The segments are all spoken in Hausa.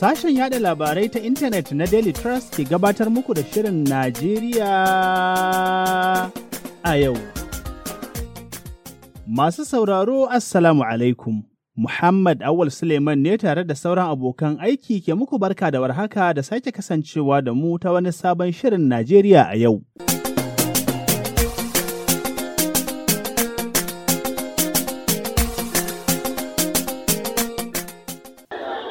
Sashen yada labarai ta intanet na Daily Trust ke gabatar muku da Shirin Najeriya a yau. Masu sauraro Assalamu alaikum. Muhammad Awul Suleiman ne tare da sauran abokan aiki ke muku barka da warhaka da sake kasancewa da mu ta wani sabon Shirin Najeriya a yau.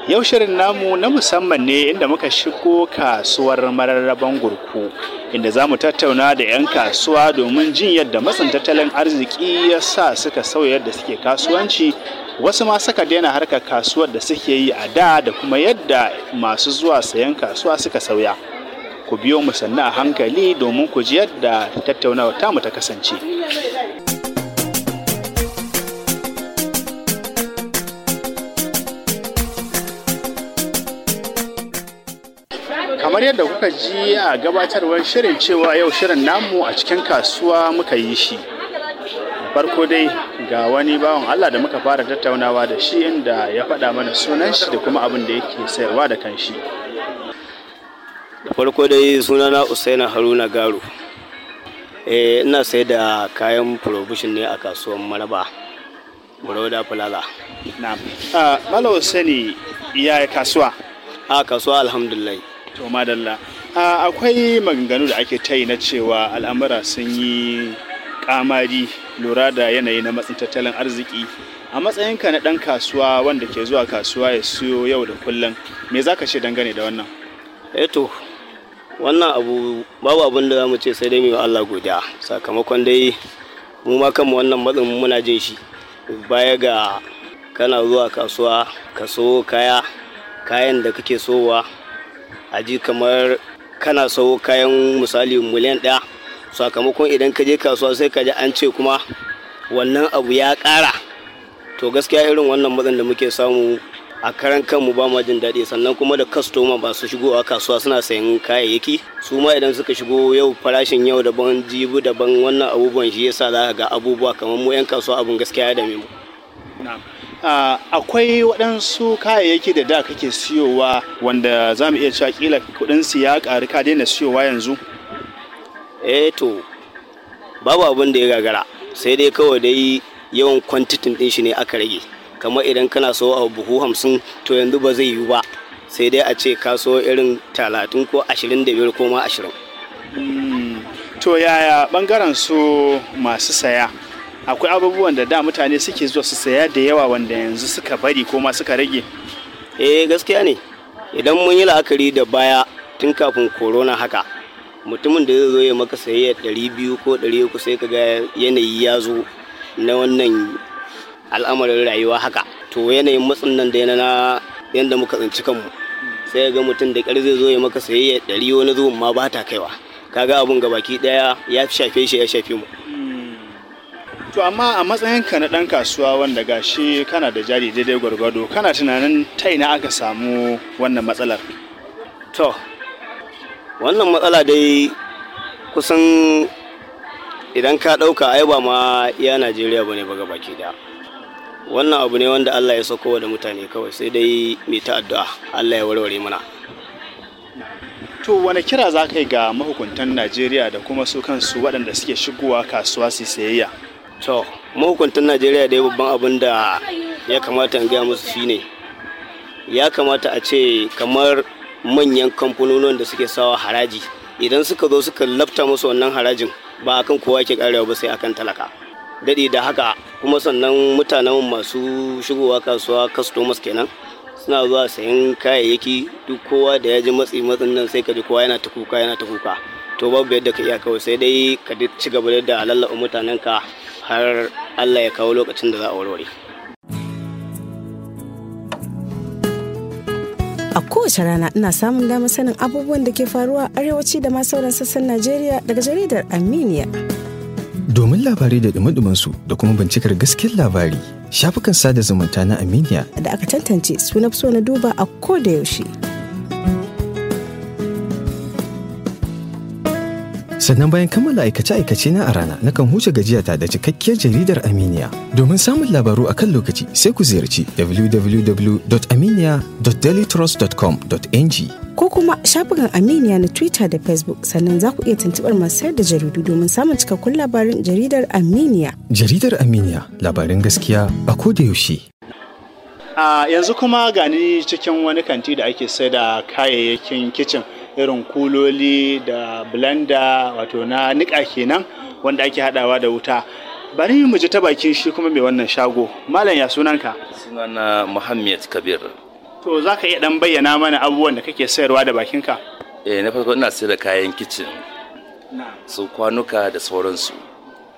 Yau shirin namu na musamman ne inda muka shigo kasuwar mararraban gurku inda za mu tattauna da 'yan kasuwa domin jin yadda matsin tattalin arziki ya sa suka sauya yadda suke kasuwanci wasu ma suka daina harkar kasuwar da suke yi a da da kuma yadda masu zuwa sayan kasuwa suka sauya. Ku biyo mu sannu a hankali domin ku ji yadda tattaunawa tamu ta kasance. kamar yadda kuka ji a gabatarwar shirin cewa yau shirin namu a cikin kasuwa muka yi shi farko dai ga wani bawan Allah da muka fara tattaunawa da shi inda ya faɗa mana sunan shi da kuma abin da yake sayarwa da kanshi da farko dai sunana usaina haruna garu eh, ina sai da kayan provision ne a kasuwar maraba Buroda Plaza. Na'am. Ah, Malam Usaini ya kasuwa. a kasuwa alhamdulillah to madalla akwai maganganu da ake ta yi na cewa al'amura sun yi kamari lura da yanayi na matsin tattalin arziki a matsayinka na ɗan kasuwa wanda ke zuwa kasuwa ya siyo yau da kullum me za ka ce dangane da wannan eto eh wannan abu babu abin da za mu ce sai dai mai Allah godiya sakamakon dai mu ma kanmu wannan matsin muna jin shi baya ga kana zuwa kasuwa ka so kaya kayan da kake sowa a ji kamar kana sau kayan misali miliyan ɗaya sakamakon idan ka je kasuwa sai ka ji an ce kuma wannan abu ya ƙara to gaskiya irin wannan matsan da muke samu a karan kanmu ba ma jin daɗi sannan kuma da kastoma ba su shigowa kasuwa suna sayan kayayyaki su ma idan suka shigo yau farashin yau daban jibi daban wannan abubuwan shi yasa za ka ga abubuwa kamar mu 'yan kasuwa abun gaskiya ya dame mu. akwai waɗansu kayayyaki da da kake siyowa wanda za mu iya cewa kila kuɗin su ya ƙaru ka daina siyowa yanzu eh to babu abin da ya gagara sai dai kawai dai yawan kwantitin ɗin shi ne aka rage kamar idan kana so a buhu hamsin to yanzu ba zai yiwu ba sai dai a ce ka so irin talatin ko ashirin da biyar ko ma ashirin hmm. to yaya ɓangaren su masu saya akwai abubuwan da da mutane suke zuwa su saya da yawa wanda yanzu suka bari ko ma suka rage eh gaskiya ne idan mun yi la'akari da baya tun kafin korona haka mutumin da zai zo ya maka sayayya ɗari biyu ko ɗari uku sai kaga yanayi ya zo na wannan al'amarin rayuwa haka to yanayin matsin nan da na yadda muka tsinci kanmu sai ga mutum da ƙarfi zai zo ya maka sayayya ɗari wani zuwan ma ba ta kaiwa kaga abun gabaki ɗaya ya shafe shi ya shafe mu to amma a matsayinka na ɗan kasuwa wanda gashi kana da jari daidai gwargwado kana tunanin ta ina aka samu wannan matsalar to wannan matsala dai kusan idan ka ɗauka ai ba ma iya najeriya ba ne ba baki da wannan abu ne wanda allah ya sauko da mutane kawai sai dai mai ta addu'a allah ya warware mana to wani kira za ka yi ga mahukuntan najeriya da kuma su kansu waɗanda suke shigowa kasuwa su sayayya to mahukuntan najeriya da babban abin da ya kamata in gaya musu shine ya kamata a ce kamar manyan kamfanonin da suke sawa haraji idan suka zo suka lafta musu wannan harajin ba kan kowa ke karewa ba sai akan talaka daɗi da haka kuma sannan mutanen masu shigowa kasuwa customers kenan suna zuwa sayan kayayyaki duk kowa da ya ji matsi matsin nan sai ka ji kowa yana ta kuka yana ta kuka to babu yadda ka iya kawai sai dai ka ci gaba da lallaɓa mutanen ka har Allah ya kawo lokacin da za a warware. A kowace rana ina samun damar sanin abubuwan da ke faruwa arewaci da ma sauran sassan Najeriya daga jaridar Armenia. Domin labarai da dumi su da kuma bincikar gaskiyar labari, shafukan sada zumunta na Armenia da aka tantance suna so na duba a koda yaushe. sannan bayan kammala aikace-aikace na a rana nakan huce gajiyata da cikakkiyar jaridar aminiya domin samun labaru a kan lokaci sai ku ziyarci www.aminiya.dailytrust.com.ng ko kuma shafukan aminiya na twitter da facebook sannan za ku iya tuntubar masu sayar da jaridu domin samun cikakkun labarin jaridar aminiya jaridar aminiya labarin gaskiya a koda yaushe yanzu kuma gani cikin wani kanti da ake sai da kayayyakin kicin irin kuloli da blender wato na niƙa kenan wanda ake haɗawa da wuta bari mu ji ta bakin shi kuma mai wannan shago malam ya sunanka sunana muhammad kabir to za ka iya dan bayyana mana abubuwan da kake sayarwa da bakinka eh na farko ina sayar da kayan kicin su kwanuka da sauransu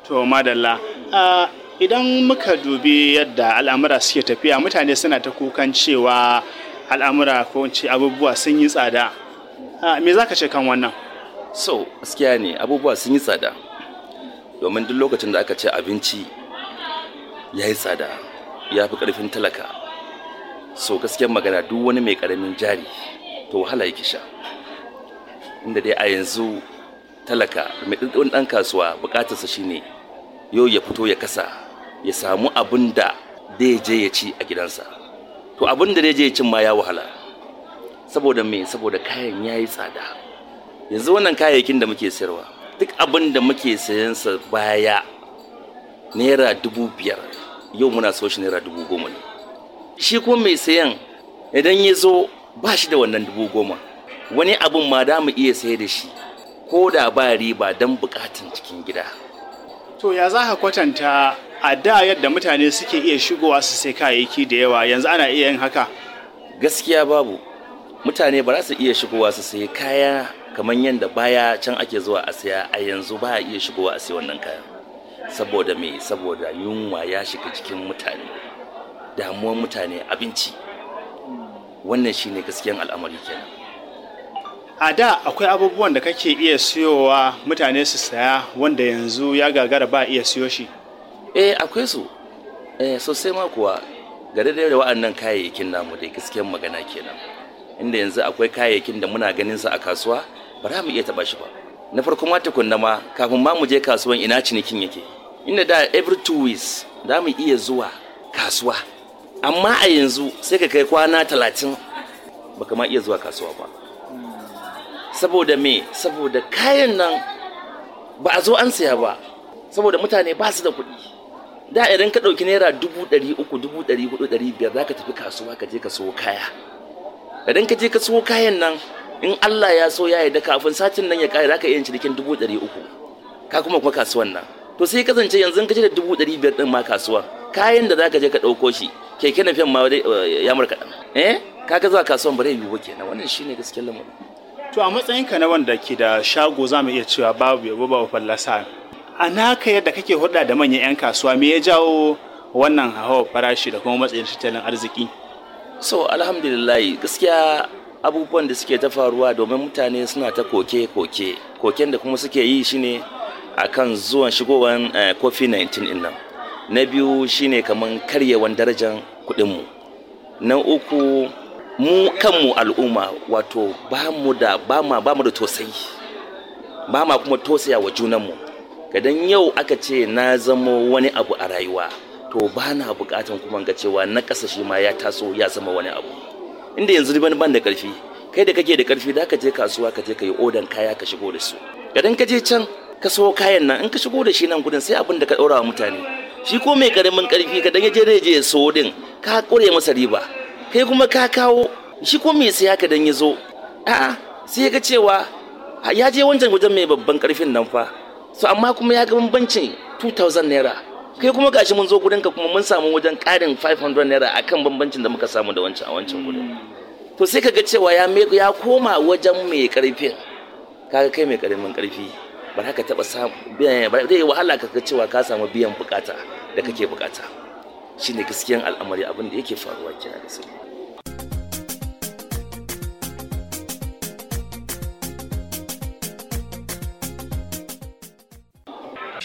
to madalla idan muka dubi yadda al'amura suke tafiya mutane suna ta kukan cewa al'amura ko abubuwa sun yi tsada me za ka ce kan wannan so gaskiya ne abubuwa sun yi tsada domin duk lokacin da aka ce abinci ya yi tsada ya fi karfin talaka so gaskiyar magana duk wani mai karamin jari to wahala yake sha inda dai a yanzu talaka mai ɗin ɗan kasuwa sa shine yau ya fito ya kasa ya samu abin da je ya ci a gidansa to abin da dai je ya cin ma ya wahala saboda me saboda kayan ya yi tsada yanzu wannan kayayyakin da muke sayarwa duk abin da muke sayan sa baya naira dubu biyar yau muna so shi naira dubu goma ne shi ko mai sayan idan ya zo ba shi da wannan dubu goma wani abin ma da mu iya sayar da shi ko da ba riba don bukatun cikin gida to ya za ka kwatanta a da yadda mutane suke iya shigowa su sai kayayyaki da yawa yanzu ana iya yin haka gaskiya babu mutane ba za su iya shigowa su sayi kaya kamar yadda baya can ake zuwa a siya, a yanzu ba a iya shigowa a sayi wannan kaya saboda me saboda yunwa ya shiga jikin mutane damuwar mutane abinci wannan shi ne gaskiyan al'amari kenan a da akwai abubuwan da kake iya siyowa mutane su saya wanda yanzu ya gagara ba iya siyo shi eh akwai su eh sosai ma kuwa gare da wa'annan kayayyakin namu da gaskiyan magana kenan inda yanzu akwai kayayyakin da muna ganin sa a kasuwa ba za mu iya taba shi ba na farko ma tukunna ma kafin ma mu je kasuwan ina cinikin yake inda da every two weeks za mu iya zuwa kasuwa amma a yanzu sai ka kai kwana talatin ka ma iya zuwa kasuwa ba saboda me saboda kayan nan ba a zo an saya ba saboda mutane ba su da kuɗi da idan ka ɗauki naira dubu ɗari uku dubu ɗari hudu ɗari biyar za ka tafi kasuwa ka je ka sayo kaya idan ka je ka siyo kayan nan in Allah ya so ya da kafin satin nan ya kare ka iya cinikin dubu ɗari uku ka kuma kuma kasuwan nan to sai kasance yanzu ka je da dubu ɗari biyar ɗin ma kasuwa kayan da za ka je ka ɗauko shi keke na fiyan ma eh, ya murka ɗan eh ka zuwa kasuwan ba zai yiwu kenan wannan shine gaskiyar lamarin to a matsayinka na wanda ke da shago za mu iya cewa babu yabo babu fallasa a naka yadda kake hulɗa da manyan 'yan kasuwa me ya jawo wannan hawa farashi da kuma matsayin tattalin arziki so alhamdulillah gaskiya abubuwan da suke ta faruwa domin mutane suna ta koke-koke koken da kuma suke yi shine akan zuwan shigowar kofi 19 din nan na biyu shine kamar karyewan darajar kudinmu na uku mu kanmu al'umma wato ba mu da ba ma ba mu da tosayi ba ma kuma tosaya wa junanmu kadan yau aka ce na zamo wani abu a rayuwa to ba na bukatan kuma ga cewa na ƙasa shi ma ya taso ya zama wani abu inda yanzu ban ban da ƙarfi kai da kake da ƙarfi da ka je kasuwa ka je ka yi odan kaya ka shigo da su gadan ka je can ka so kayan nan in ka shigo da shi nan gudun sai abin da ka ɗora wa mutane shi ko mai ƙaramin ƙarfi ka dan ya je da je so din ka ƙure masa riba kai kuma ka kawo shi ko mai saya ka dan ya zo a'a sai ga cewa ya je wancan wajen mai babban ƙarfin nan fa so amma kuma ya ga bambancin 2000 naira kai kuma gashi mun zo gudanka kuma mun samu wajen karin 500 naira akan bambancin da muka samu da wancan a wancan hmm. to sai kaga cewa ya koma wajen mai karfin kaga kai mai karamin karfi ba haka taba samu ba zai wahala ka cewa ka samu biyan bukata da kake bukata shine gaskiyan al'amari abin da yake faruwa kina da su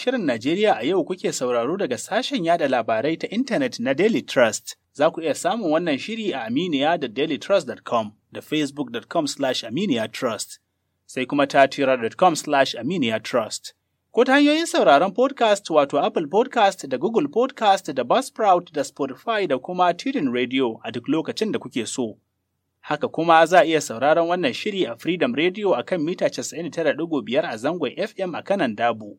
Shirin Najeriya a yau kuke sauraro daga sashen yada labarai ta intanet na Daily Trust. Za ku iya samun wannan shiri a Aminiya da dailytrust.com da facebook.com slash trust sai kuma tatira.com slash trust. Ko ta hanyoyin sauraron podcast wato Apple podcast da Google podcast da Buzzsprout da Spotify da kuma Tudun Radio a duk lokacin da kuke so. Haka kuma za a iya sauraron wannan shiri a Freedom Radio a kan mita 99.5 a zangon FM a kanan Dabu.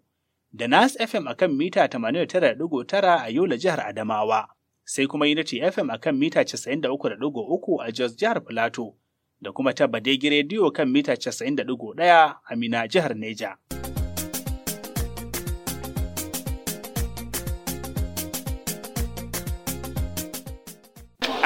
da Nas FM a kan mita 89.9 a Yola jihar Adamawa, sai kuma Unity FM a kan mita 93.3 a Jos jihar Filato, da kuma ta Badegi Radio kan mita 90.1 a Mina jihar Neja.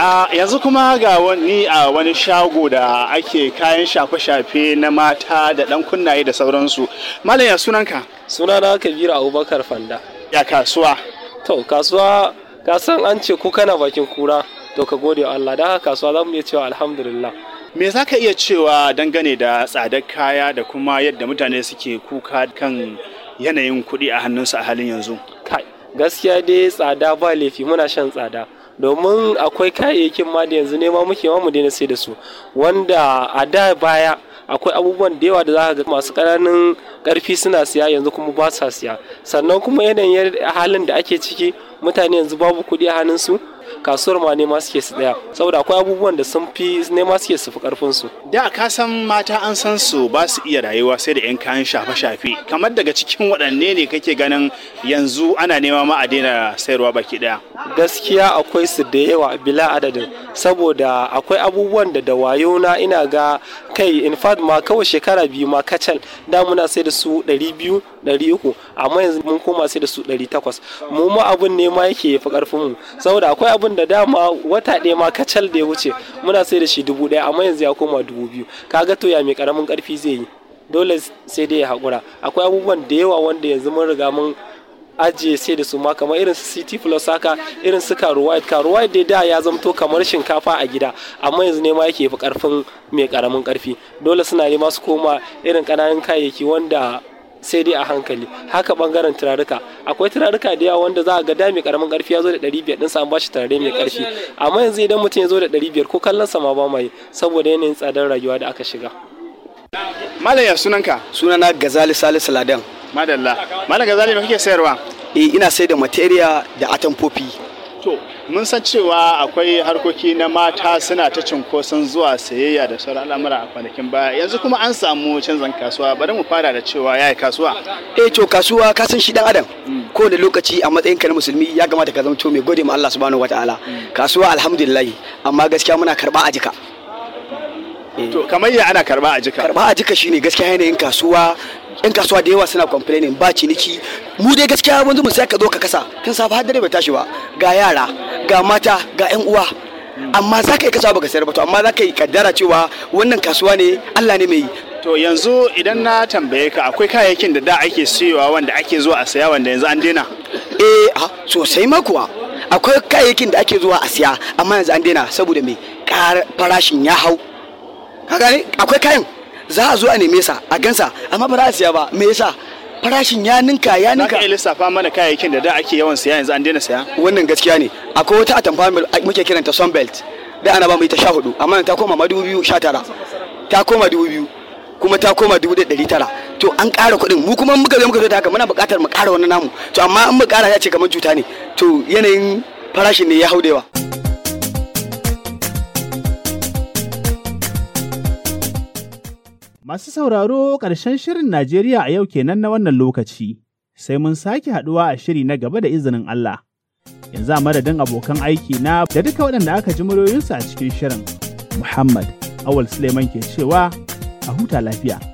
a yanzu kuma ga wani a wani shago da ake kayan shafe-shafe na mata da ɗan kunnaye da sauransu malam ya sunanka sunana kabiru abubakar fanda ya kasuwa to kasuwa san an ce ko kana bakin kura to ka gode Allah da kasuwa za mu iya cewa alhamdulillah me za ka iya cewa dangane da tsadar kaya da kuma yadda mutane suke kuka kan yanayin kuɗi a hannunsu a halin yanzu kai gaskiya dai tsada ba laifi muna shan tsada domin akwai kayayyakin ma da yanzu nema muke ma mu daina sai da su wanda a da baya akwai abubuwan da yawa da za ga masu ƙananan ƙarfi suna siya yanzu kuma ba sa siya sannan kuma yanayin halin da ake ciki mutane yanzu babu kuɗi a hannun su kasuwar ma nema suke su tsaya saboda akwai abubuwan da sun fi nema suke su fi karfin su da ka san mata an san su ba su iya rayuwa sai da yan kayan shafe shafe kamar daga cikin waɗanne ne kake ganin yanzu ana nema ma a daina sayarwa baki daya gaskiya akwai su da yawa bila adadin saboda akwai abubuwan da da wayo na ina ga kai in fact ma kawai shekara biyu ma kacal da muna sai da su 200 300 amma yanzu mun koma sai da su 800 mu ma abun ne ma yake fi karfin mu saboda akwai abun da dama wata ɗaya ma kacal da ya wuce muna sai da shi dubu ɗaya amma yanzu ya koma dubu biyu kaga to ya mai karamin karfi zai yi dole sai dai ya haƙura akwai abubuwan da yawa wanda yanzu mun riga mun ajiye sai da su ma kamar irin su city plus haka irin su karu white karu white dai da ya zamto kamar shinkafa a gida amma yanzu ne ma yake fi karfin mai karamin karfi dole suna nema su koma irin kananan kayayyaki wanda sai dai a hankali haka bangaren turaruka akwai turaruka da yawa wanda za a ga da mai karamin karfi ya zo da 500 din sa an bashi turare mai karfi amma yanzu idan mutum ya zo da 500 ko kallon sama ba mai saboda yanayin tsadar rayuwa da aka shiga malam sunanka sunana gazali salisu ladan madalla malam gazali kake sayarwa eh ina sai da da atamfofi to mun san cewa akwai harkoki na mata suna ta cinkoson zuwa sayayya da sauran al'amura a kwanakin baya yanzu kuma an samu canzan kasuwa bari mu fara da cewa yi kasuwa eh to kasuwa ka san shi dan adam mm. ko da lokaci a matsayin ka na musulmi ya gama ka zama mai gode ma Allah subhanahu wataala mm. kasuwa alhamdulillah amma gaskiya muna karba a jika Eh. to kamar ya ana karba a jika karba a jika shine gaskiya yanayin kasuwa yan kasuwa da yawa suna complaining ba ciniki mu dai gaskiya wanzu mu sai ka zo ka kasa tun safa har dare bai tashi ba ga yara ga mata ga yan uwa hmm. amma za ka yi kasuwa baka sayar ba to amma za ka yi kaddara cewa wannan kasuwa ne Allah ne mai to yanzu idan na tambaye ka akwai kayayyakin da da ake siyowa wanda ake zuwa a saya wanda yanzu an daina eh sosai ma kuwa akwai kayayyakin da ake zuwa a siya amma yanzu an daina saboda me farashin ya hau ka akwai kayan za a zo a neme sa a gansa amma ba za a siya ba me yasa farashin ya ninka ya ninka ka lissafa mana kayayyakin da da ake yawan siya yanzu an daina siya wannan gaskiya ne akwai wata atamfa muke kiranta sunbelt da ana ba mu ita sha amma ta koma ma dubu biyu sha tara ta koma dubu biyu kuma ta koma dubu da ɗari tara to an ƙara kuɗin mu kuma muka zo muka zo ta haka muna buƙatar mu ƙara wani namu to amma in mu ƙara ya ce kamar cuta ne to yanayin farashin ne ya hau da yawa. Masu sauraro ƙarshen shirin Najeriya a yau kenan na wannan lokaci, sai mun sake haɗuwa a shiri na gaba da izinin Allah. Yanzu a madadin abokan aiki na da duka waɗanda aka ji muryoyinsu a cikin shirin. Muhammad Awal Suleiman ke cewa a huta lafiya.